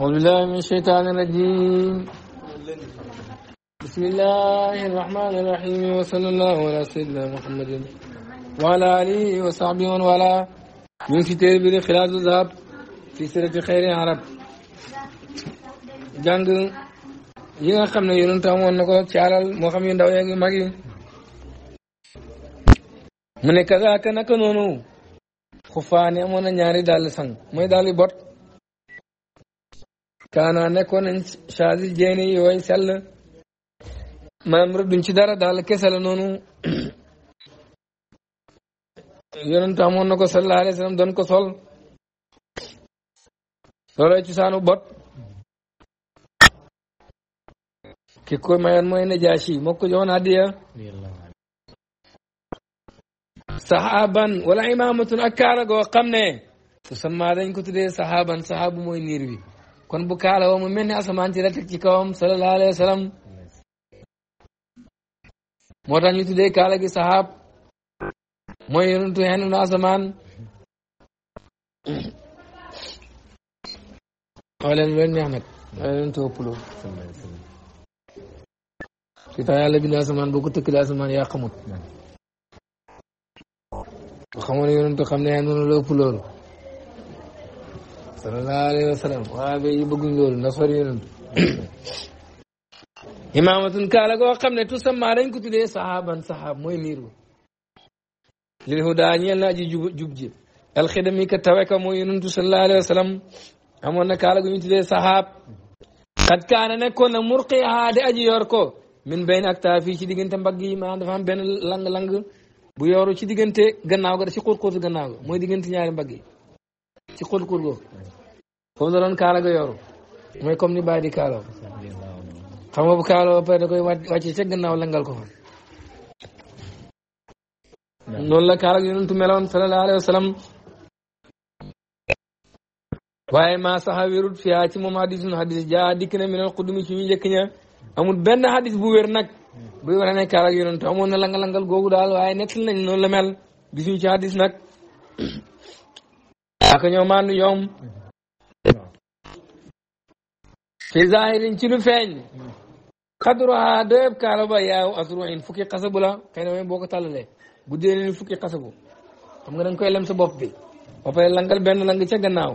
أعوذ بالله من الشيطان الرجيم بسم الله الرحمن الرحيم وصلى الله على سيدنا محمد وعلى آله وصحبه ومن والاه من في تيربير خلاص الذهب في yi nga xam ne yonent amoon na ko ci alal moo xam yu ndaw yaa ngi mag yi mu amoon na ñaari dàll sang mooy dàll bot kaana nekkoon nañ chagil jéene yi way maam rëdduñ ci dara daal kese la noonu yonent amoon na ko sallallahu alayhi wa ko sol loolooy cosaanu bot ki ko mayoon mooy Najaashi moo ko joxoon hadiya saxaaban wala imaamatun ak kaara goo xam ne tusammaa dañ ko tuddee saxaaban saxaabu mooy niir kon bu kaala mu mel ni asamaan si la teg ci kawam sallallahu alayhi wa sallam moo tax ñu tuddee kaala gi saxaab mooy yonentu xenn na asamaan xooleen leen neex nag xooleen leen toppaloo su tax yàlla bind asamaan boo ko tëkkale asamaan yaa xamut xamoon yonentu xam ne yaa noonu la ëpp sallallahu alayhi wa sallam waaye ba yi bëgguñ loolu ndax kaala goo xam ne tusamma dañ ko dee sahaban sahab mooy niir wa lil huda ñeel na aji jub jub ji alxidami ka tawe ka mooy yonentu sallallahu alayhi wa amoon na kaala gu ñu tuddee sahab xat kaana nekkoon na murqiha di aji yor ko min bayn ak taa fii ci diggante mbagg yi maanaam dafa am benn lang-lang bu yooru ci diggante gannaaw ga da ci xóot xóotu gannaaw mooy diggante ñaari mbagg yi ci xóot-xóot googu foofu la doon kaala ga yoru mooy comme ni bàyyi di kaaloo xam nga bu kaaloo ba pare da koy wàcce ca gannaaw langal ko fa. noonu la kaala gi yonentu meloon sallallahu alayhi wa sallam waaye maa saxa wérut fiyaa ci moom hadisun hadis jaa dikk na minal xudumi ci ñu njëkk ña amul benn hadis bu wér nag buy war a ne kaala gi yonentu amoon na langalangal googu daal waaye nekk nañ noonu la mel gisuñu ci hadis nag ak ñoo maandu ñoom fi zahirin ci lu feeñ xadruha doyeb kaala ba yaaw asru in fukki xasabu la xëy na boo ko tàllalee bu déeneen fukki xasabu xam nga da koy lem sa bopp bi ba pare langal benn lang ca gannaaw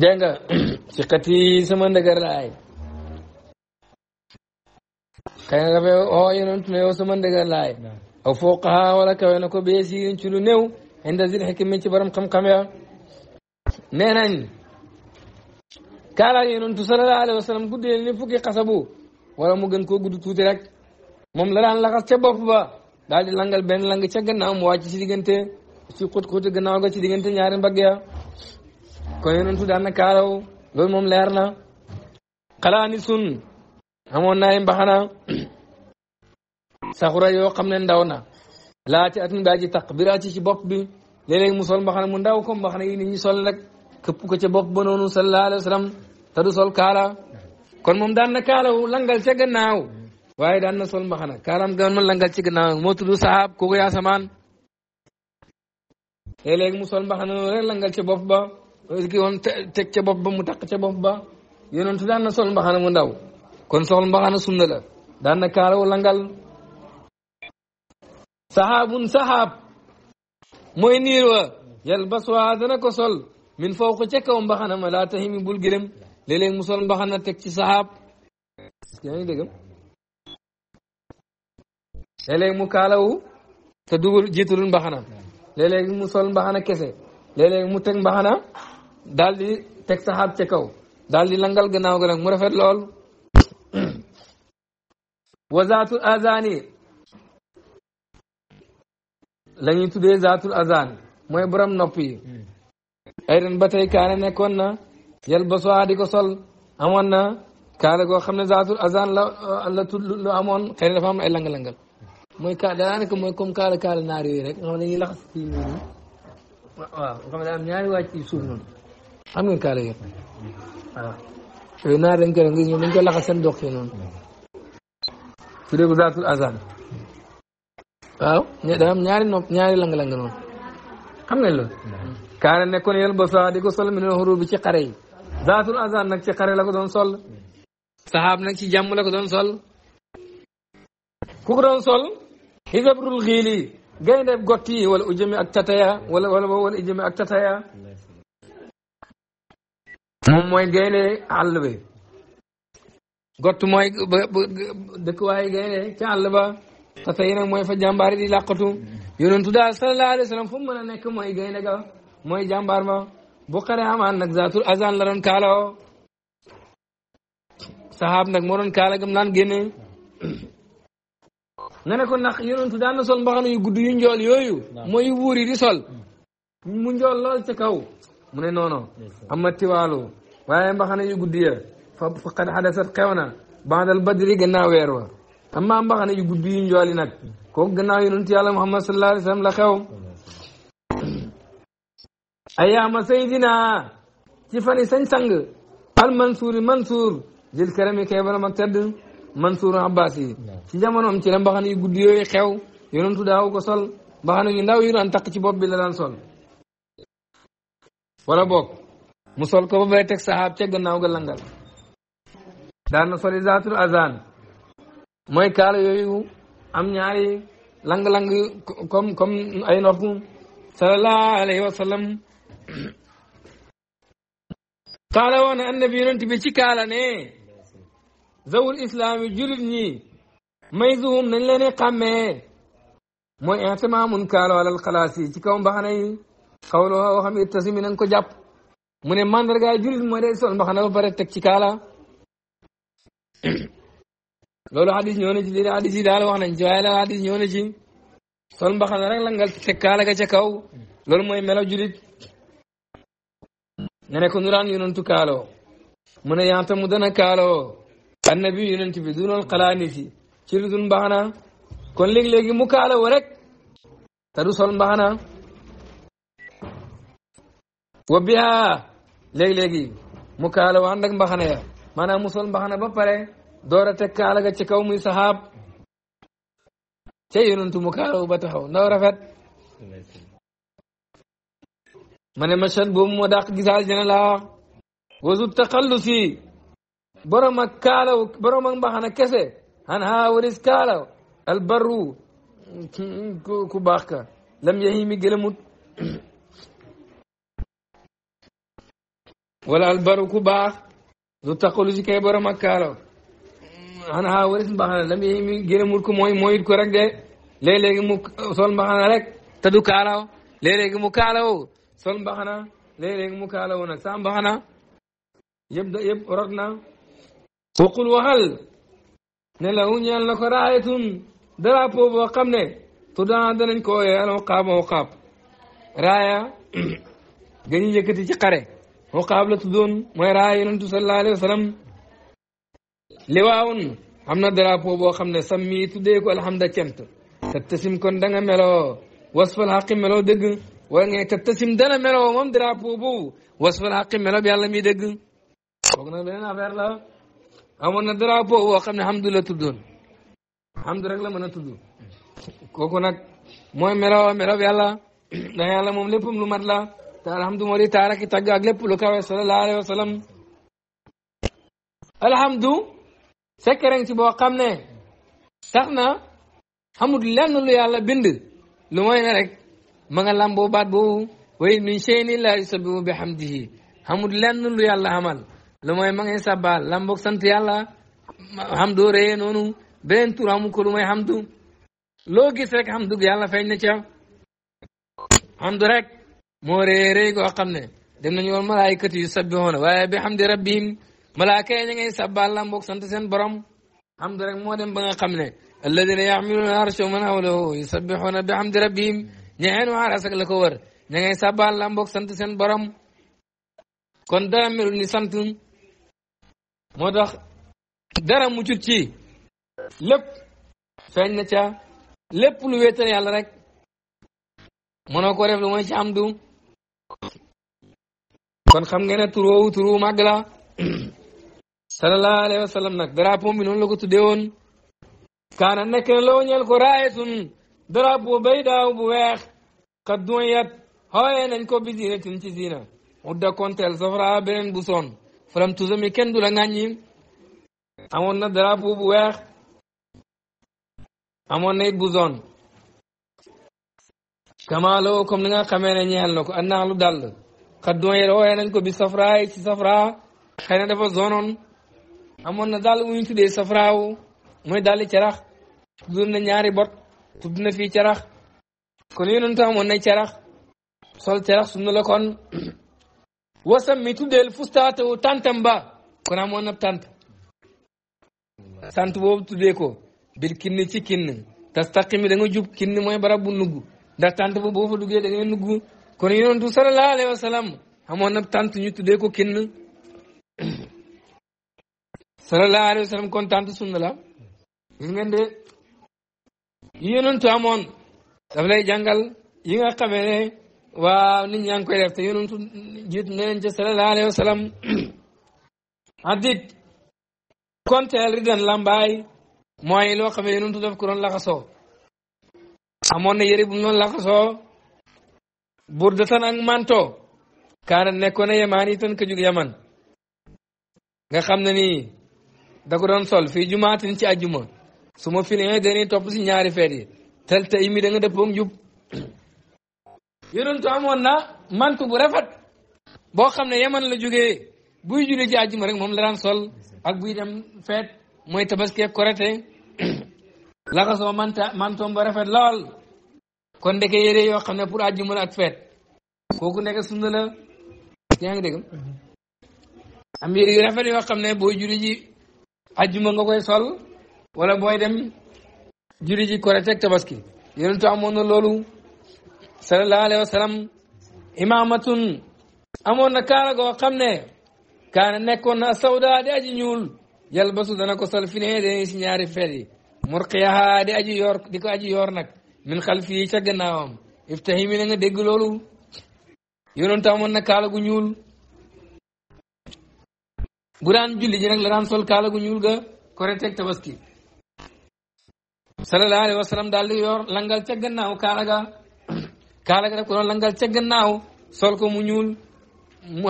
dégg nga ci xati sama ndëgër laay xëy na dafay oo oh, yonent ne yow sama ndëgër laay aw fooqaha wala kawe na ko bee siirin ci lu néew inda zil xikmi ci borom xam-xam ya nee nañ kaalaak yonentu sallallahu alayhi wa sallam guddee ni fukki xasabu wala mu gën koo gudd tuuti rek moom la daan laxas ca bopp ba daal di langal benn lang ca gannaaw mu wàcc ci diggante ci xut xuti gannaaw ga ci diggante ñaari mbagg ya kon yonentu daan na kaalaw loolu moom leer na xalaa ni sun amoon naay mbaxana saxura yoo xam ne ndaw na laati at mi daa ji taq biraa ci ci bopp bi léeg mu sol mbaxana mu ndaw ko mbaxana yi nit ñi sol nag këpp ko ca bopp ba noonu sallallahu alayhi wa sallam te sol kaala kon moom daan na kaalawu langal ca gannaaw waaye daan na sol mbaxana kaalaam gën ma langal ci gannaaw moo tudd sahaab kooku yaa samaan léeg-léeg mbaxana noonu langal ca bopp ba ki woon teg ca bopp ba mu taq ca bopp ba yonentu daan na sol mbaxana mu ndaw kon sol mbaxana sunna la daan na kaalawu langal saxaabun saxaab mooy niir wa yalbasuhaa dana ko sol min fawqi ca kaw mbaxana ma laa tahimi bul gërëm léeg-léeg mu sol mbaxana teg ci saxaab yaa ngi dégg léeg mu kaalawu te dugul jiitalul mbaxana léeg mu sol mbaxana kese léeg-léeg mu teg mbaxana dal di teg saxaab ca kaw daal di langal gannaaw ga nag mu rafet lool wazaatu azani la ñuy tuddee zaatul azaan mooy borom nopp yi ay ren ba tey kaane nekkoon na yal ba soo di ko sol amoon na kaala goo xam ne zaatul azaan la la tudd lu amoon xëy dafa am ay langalangal mooy ka mooy comme kaala kaala naar yooyu rek nga xam ne dañuy ñaari wàcc ci suuf noonu xam ngeen kaala yooyu waaw yooyu naar dañ ko dañ ko laxas dox yi zaatul azaan waaw am ñaari nopp ñaari lang-lang noonu xam nga loolu kaana nekkoon yel bosa di ko sol mi noon bi ci xare yi zaatul azan nag ci xare la ko doon sol saxaab nag ci jàmm la ko doon sol ku ko doon sol xisabrul xiili gaynde gott yi wala ak tataya wala wala ak tataya mooy gaynde àll bi gott mooy dëkkuwaay gaynde ca àll fata yi nag mooy fa jàmbaar di làqatu yonentu daal sallallahu alayhi wa sallam fu mu mën mooy gaynde ga mooy jàmbaar ma bu xare amaan nag zaatul azan la doon kaaloo sahaab nag moo doon kaala ga naan génne nga ne ko ndax yonentu daan na sol mbaxana yu gudd yu njool yooyu mooy yu wuuri di sol hmm. mu njool lool ca kaw mu ne noono ama tiwaalu waaye mbaxana yu gudd ya fa faqad xadasat xew na baadal badri gannaaw weer wa amma mbaxane yu yu njooli nag kooku gannaaw yonent yàlla muhammad sallallahu alayhi wa sallam la xew ayaama saydina ci fani sañ sang al mansuuri mansuur jël karami keebaram ak tedd mansuur abbas ci jamonoom ci la mbaxane yu gudd yooyu xew yonentu daaw ko sol mbaxane yu ndaw yu daan takk ci bopp bi la daan sol wala boog mu sol ko ba bay teg sahaab ca gannaaw ga daan na soli zaatul azan mooy kaala yooyu am ñaari lang-lang comme comme ay nopp sallallahu alayhi wa kaala woon annabi yonent bi ci kaala ne zawul islaam yi jurit ñi may zuhum nañ leen xàmmee mooy intimaamun kaala walal xalaas ci kaw mbaxana yi xawlo woo xam it tasimi nañ ko jàpp mu ne mandargaay jurit mooy day sol mbaxana ba pare teg ci kaala loolu xadis ñoo na ci déedéet xadis wax nañ ci waaye daal sol mbaxana rek la nga kaala ga ca kaw loolu mooy melaw julit nga ne ko nuraan yonentu kaaloo mu ne yaanta mu dana kaaloo annabi yonent bi du noon xalaani si ci lu dul kon léegi-léegi mu kaaloo rek te du sol mbaxana wa biha léegi-léegi mu kaaloo ànd ak mbaxana ya maanaam mu sol mbaxana ba pare door a teg kaala ga ci kaw muy saxaab ca yonantu mu kaalaw ba taxaw ndaw rafet mane ne machan boobu moo dàq gisaal jana laa wasu taxallusi borom ak kaalaw borom ak mbaxana kese han ha waris kaalaw albarru ku baax ka lam yahimi gëlëmut wala albarru ku baax su taxallusi kay borom ak xanaa waris mbaxana lam yéy a mut ko mooy mooyit ko rek léegi mu sol mbaxana rek te du kaalaw léeg-léegi sol mbaxana léeg-léegi mu nag sa mbaxana yëpp da yëpp waxal ne lahu ñeel na ko raayatun drapeau boo xam ne tudan danañ ko wooyee waqaab waqaab raaya gañu yëkkati ci xare waqaab la tuddoon mooy raaya yonentu sallallahu alayhi liwaawun am na drapeau boo xam ne sammi tuddee ko alhamda cant tattasim kon da nga meloo wasfal xaqi meloo dëgg wala yàlla mi dëgg kooku nag beneen affaire na drapeau xam ne hamdu la tuddoon hamdu rek la mën a tudd kooku nag mooy meloo meloo bi yàlla da yàlla moom léppam lu mat la te alhamdu moo di taaraki tagg ak lépp lu kawe sallallahu alayhi wa sekkereng ci boo xam ne tax na xamut lenn lu yàlla bind lu mooy ne rek ma nga làmboo baat boobu way min shay'in illaa yusabbihu bi hamdihi xamut lenn lu yàlla xamal lu mooy ma ngay sàbbaal làmboog sant yàlla hamdoo ree noonu beneen tur amul ko lu mooy hamdu loo gis rek hamdu yàlla feeñ na ca hamdu rek moo ree ree goo xam ne dem nañu woon malaayikati yu sabbihoona waaye bi hamdi rabbihim malaaka yi ñu ngay sabbal la sant seen borom hamdu rek moo dem ba nga xam ne alladina yaxmiluuna arsha man hawlahu yusabbixuuna bi hamdi rabbihim ñeenu la ko wër ña sant seen borom kon dara melul ni sant moo tax dara muccut ci lépp feeñ na ca lépp lu wéetal yàlla rek mënoo ko def lu mooy ci hamdu kon xam ngeen ne turoowu turu màgg la sallallahu alayhi wa sallam nag bi noonu la ko tuddee woon kaana loo ñeel ko raayatun drapeau bay daaw bu weex xat dunyat xooyee nañ ko bi ziinatin ci ziina udda konteel safra beneen bu soon falam tuzami kenn du la amoon na drapeau bu weex amoon na it bu zone kamaaloo comme ni nga xamee ne ñeel na ko annaax lu dal xat dunyat xooyee ko bi safraay ci safra xëy dafa zonoon amoon na daal bu ñu tuddee safraaw mooy daal carax tudd na ñaari bot tudd na fii carax kon yonentu amoon na carax sol carax su la kon wasam mi tuddeel fustaatawu tantam ba kon amoon na tànt sant boobu tuddee ko bil kinn ci kinn tas taqi mi da nga jub kinn mooy barabu bu nugg ndax tant bu boo duggee da nga nugg kon yonentu sallallahu alayhi wa amoon na tant ñu tuddee ko kinn sallallahu alayhi wa kon tànt sunna la gis ngeen de yi yonentu amoon daf lay jàngal yi nga xamee ne waaw nit ñaa ngi koy def te yonentu jiit neneen alayhi wa sallam addit konteel ridan lambaay mooy loo xamee yonentu daf ko doon laxasoo amoon na yëri bu mu doon laxasoo burdatan manto kaana nekkoon na yamaan yi tan ka jug yaman nga da ko doon sol fii jumaatin ci àjjuma su ma filee eh, dañuy topp si ñaari feet yi tel tey mi da nga dëppoo ak jub yonentu amoon na mantu bu rafet boo xam ne yaman la jógee buy julli ci àjjuma rek moom la daan sol ak buy dem feet mooy tabaski ak korite laxasoo manta mantoom ba rafet lool kon ndeke yére yoo xam ne pour àjjuma la ak feet kooku nekk sunna la yaa ngi dégg mm-hmm. am yére yu yoo xam ne boo julli ji ajjuma nga koy sol wala booy dem juri ji korite ak tabaski amoon na loolu sallallahu alayhi wa sallam imaamatun amoon na kaala goo xam ne kaana nekkoon na sawda di aji ñuul yalbasu dana ko sol fi deni si ñaari feet yi murqiyaha di aji yoor di nag min xalfi yi ca gannaawam iftahi mi na nga dégg amoon na kaala gu ñuul bu daan julli ji nag la daan sol kaala gu ñuul ga korite ak tabaski sallallahu alayhi daal di yor langal ca gannaaw kaala ga kaala ga daf ko doon langal ca gannaaw sol ko mu ñuul mu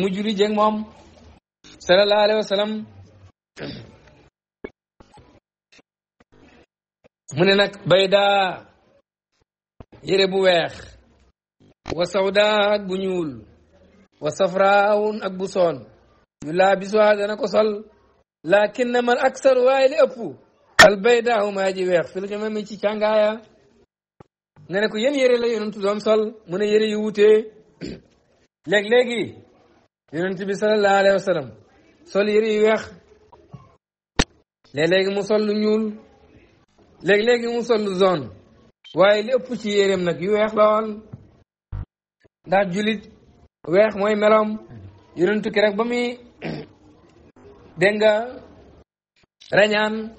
mu julli jeeg moom sallallahu mu ne nag baydaa yére bu weex wa sawda ak bu ñuul wa safraawun ak bu soon ñu laa bisuwaa na ko sol laakin na man aksar waaye li ëpp al baydaahu maa ji weex fil ma mi ci càngaaya nga ne ko yéen yére la yonentu doon sol mu ne yére yu wutee léeg-léegi yonent bi sallallahu alayhi wa sallam sol yére yu weex léeg-léegi mu sol lu ñuul léeg-léegi mu sol lu zone waaye li ëpp ci yéreem nag yu weex la ndax julit weex mooy meloom yonentu ki rek ba muy Denga renyan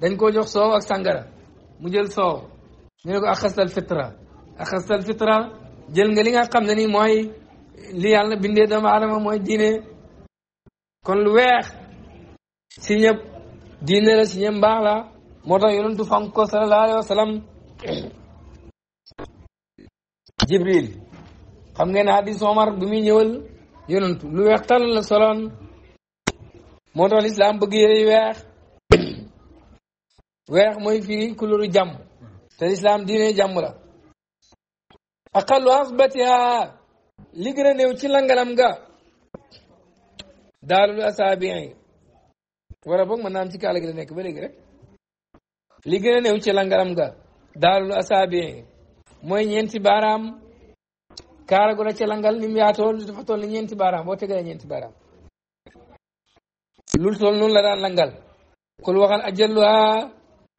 reñaan dañ koo jox soow ak sàngara mu jël soow ñu ko fitra axastal fitra jël nga li nga xam ne ni mooy li yàlla bindee doomu aadama mooy diine kon lu weex si ñëpp diine la si ñëpp mbaax la moo tax yonentu ko sallallahu alayhi jibril xam ngeen hadis omar bi muy ñëwal yonentu lu weex tal la soloon moo tax lislaam bëgg yére weex weex mooy firi couleur jàmm te lislaam diine jàmm la aqallu asbatiha li gën a néew ci langalam ga daalul asaabiin wala boog mën naa ci kaala gi la nekk ba léegi rek li néew ci langalam ga daalul asaabiin mooy ñeenti baaraam kaala gu la ci langal ni mu yaatool dafa toll ni ñeenti baaraam boo tegalee ñeenti baaraam lu toll noonu la daan langal kul waxal ajalluha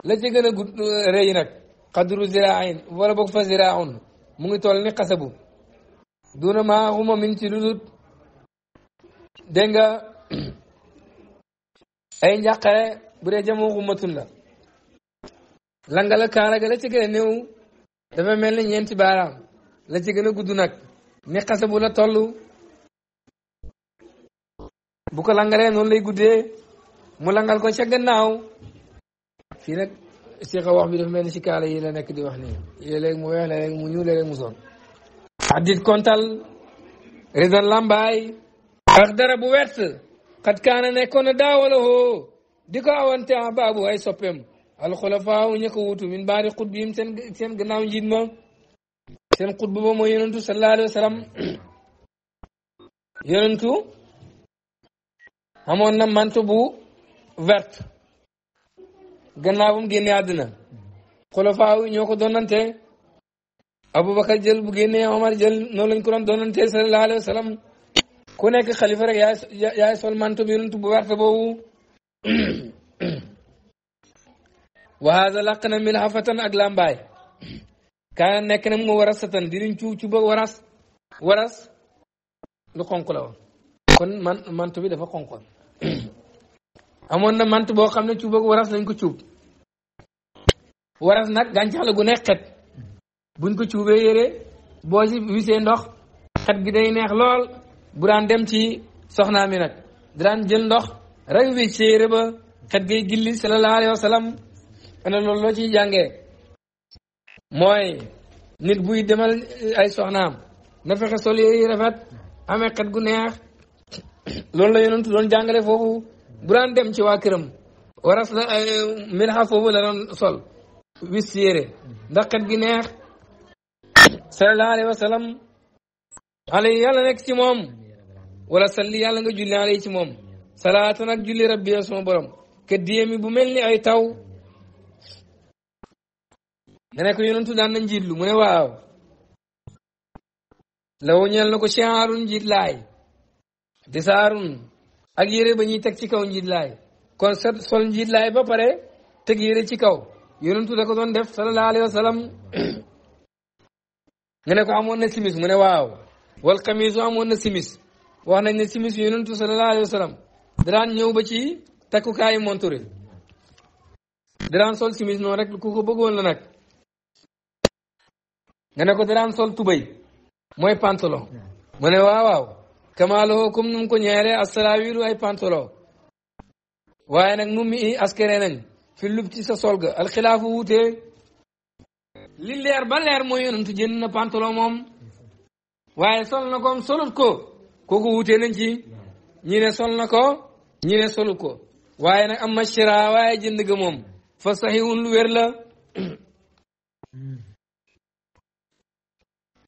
la ca gën a gudd uh, rëy nag xadru ziraain wala boog fa ziraaun mu ngi toll ni xasabu duna maa xuma min ci ludut nga ay njàqare bu dee jamoo xumatun la langal ak kaaraga la ca gën a dafa mel ni ñeenti baaraam la ci gën a gudd nag ni xasabu la toll bu ko langalee noonu lay guddee mu langal ko ca gannaaw fii nag si wax bi dafa mel yi la nekk di wax nii léeg-léeg mu weex léeg-léeg mu ñuul léeg-léeg mu son xaddit kontal ridan lambaay ak dara bu wert xat kaana nekkoon na daawala hoo di ko awante a ah baabu ay soppeem alxulafaaw ña ko wutu min baari xutbihim seen seen gannaaw njiit ma seen xutba ba mooy yonentu sallallahu alayhi wa sallam yonentu amoon na mantu bu verte gannaaw bu mu génnee àddina xulafaa ñoo ko doonante Aboubacar jël bu génnee Omar jël noonu lañ ko doon doonante sallallahu alayhi wa nekk xalifa rek yaay sol mantu bi yonent bu verte boobu wa haada làq na mil xafatan ak làmbaay kaa nekk na mu warasatan dinañ cu cu ba waras waras lu xonq la woon kon man bi dafa xonqoon amoon na mant boo xam ne cuuba waras nañ ko cuub waras nag gàncax la gu neex xet buñ ko cuubee yére boo ci wisee ndox xet gi day neex lool bu daan dem ci soxnaa mi nag daan jël ndox rek wi ci yére ba xet gay gilli sallallahu alayhi wa ana loolu loo ciy jànge mooy nit buy demal eh, ay soxnaam na fexe sol yére yi rafet amee xet gu neex loolu la yonentu doon jàngale foofu bu dem ci waa këram waras la min xa foofu la doon sol wis yére ndax xet gi neex sallallahu alayhi wa sallam yàlla nekk ci moom wala salli yàlla nga julli alayhi ci moom salaata nag julli rabbi sama borom ke diyemi bu mel ay taw nga nekk yonentu daan na njiitlu mu ne waaw law ñeel na ko chiarun njiit laay disaarun ak yére ba ñuy teg ci kaw njiit laay kon sa sol njiit laay ba pare teg yére ci kaw yonentu da ko doon def sallallahu alayhi wa sallam nga ne ko amoon na simis mu ne waaw wal xamiisu amoon na simis wax nañ ne simis yonentu sallallahu alayhi wa sallam daraan ñëw ba ci takkukaayu monture daraan sol simis noonu rek ku ko bëggoon la nag nga ne ko daraan sol tubay mooy pantalon mu ne waaw kamaaloo comme nu mu ko ñeeree asarawilu ay pantalon waaye nag mu mi askere nañ fi lub sa sol ga alxilaafu wuutee li leer ba leer mooy yonentu jënd na pantalon moom waaye sol na ko solut ko kooku wuutee nañ ci ñi sol na ko ñi solut ko waaye nag am machira waaye jënd ga moom fa saxiwun lu wér la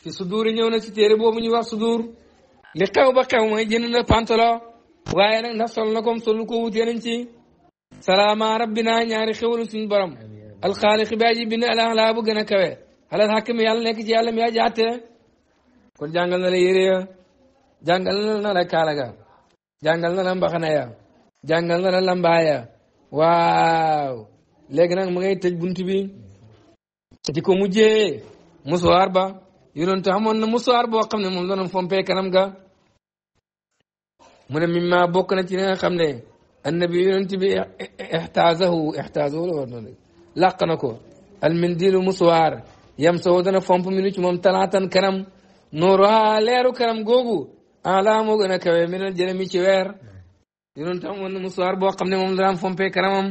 fi suduur ñëw na ci téere boobu ñu wax suduur li xew ba xew mooy jënd na pantalon waaye nag ndax sol na kom sol ko wutee nañ salaama rabbina ñaari xewalu suñ borom alxaaliqi bi aji bind alaxlaa bu kawe alal xàkk mi yàlla nekk ci yàlla mi aji àtte kon jàngal na la yére ya na la kaala ga jàngal na la mbaxana ya nag mu ngay tëj bunt bi di ko mujjee musuwaar ba yonent amoon na musuwaar boo xam ne moom la doon fompee ga mu ne mimma bokk na ci li nga xam ne annabi yonent bi ixtaasahu ixtaasahu war na de làq na ko almindilu musuwaar yam sow dana fomp minu ci moom talaatan kanam nooruha leeru kanam googu ala moo gën a mi dal jële weer yonent am woon musuwaar boo xam ne moom danaam fompee kanamam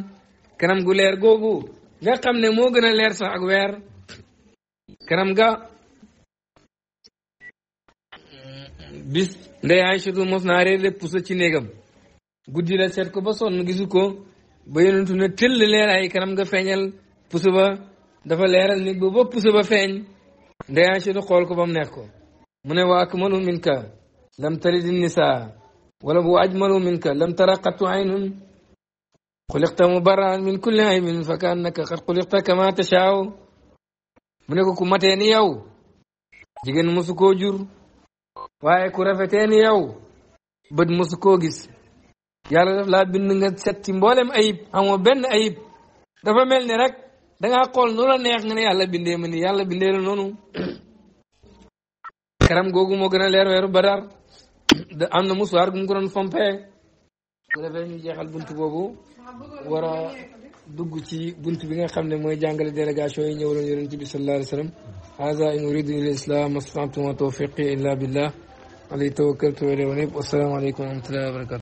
kanam gu leer googu nga xam ne moo gën a leer sax ak weer kanam ga bis ndey Aysa mos naa réer lépp ci néegam guddi la seet ko ba sonn gisu ko ba yonentu ne tëll leer ay kanam nga feeñal puso ba dafa leeral nit ba ba puso ba feeñ ndey Aysa xool ko ba mu neex ko mu ne wa akmalu minka lam talidi nisaa wala bu ajmalu minka lam tara qattu aynun mu mubarra'an min kulli aybin fa kaannaka qad xuliqta kama tashaa'u mu ne ko ku matee ni yow jigéen mosu koo jur waaye ku rafetee ni yow bët mosu koo gis yàlla daf laa bind nga set ci mboolem ayib xamoo benn ayib dafa mel ni rek dangaa xool nu la neex nga ne yàlla bindee ma ni yàlla bindee la noonu karam googu moo gën a leer weeru badar am na musuwaar gum ko doon fompee bu defee ñu jeexal bunt boobu war a dugg ci bunt bi nga xam ne mooy jàngale délégation yi ñëwaloon yonent bi sallallahu alayhi wa sallam haza in uridu ila islam mastatuma tawfiqi illa billah عليه توكلت وإليه ونيب والسلام عليكم ورحمة الله وبركاته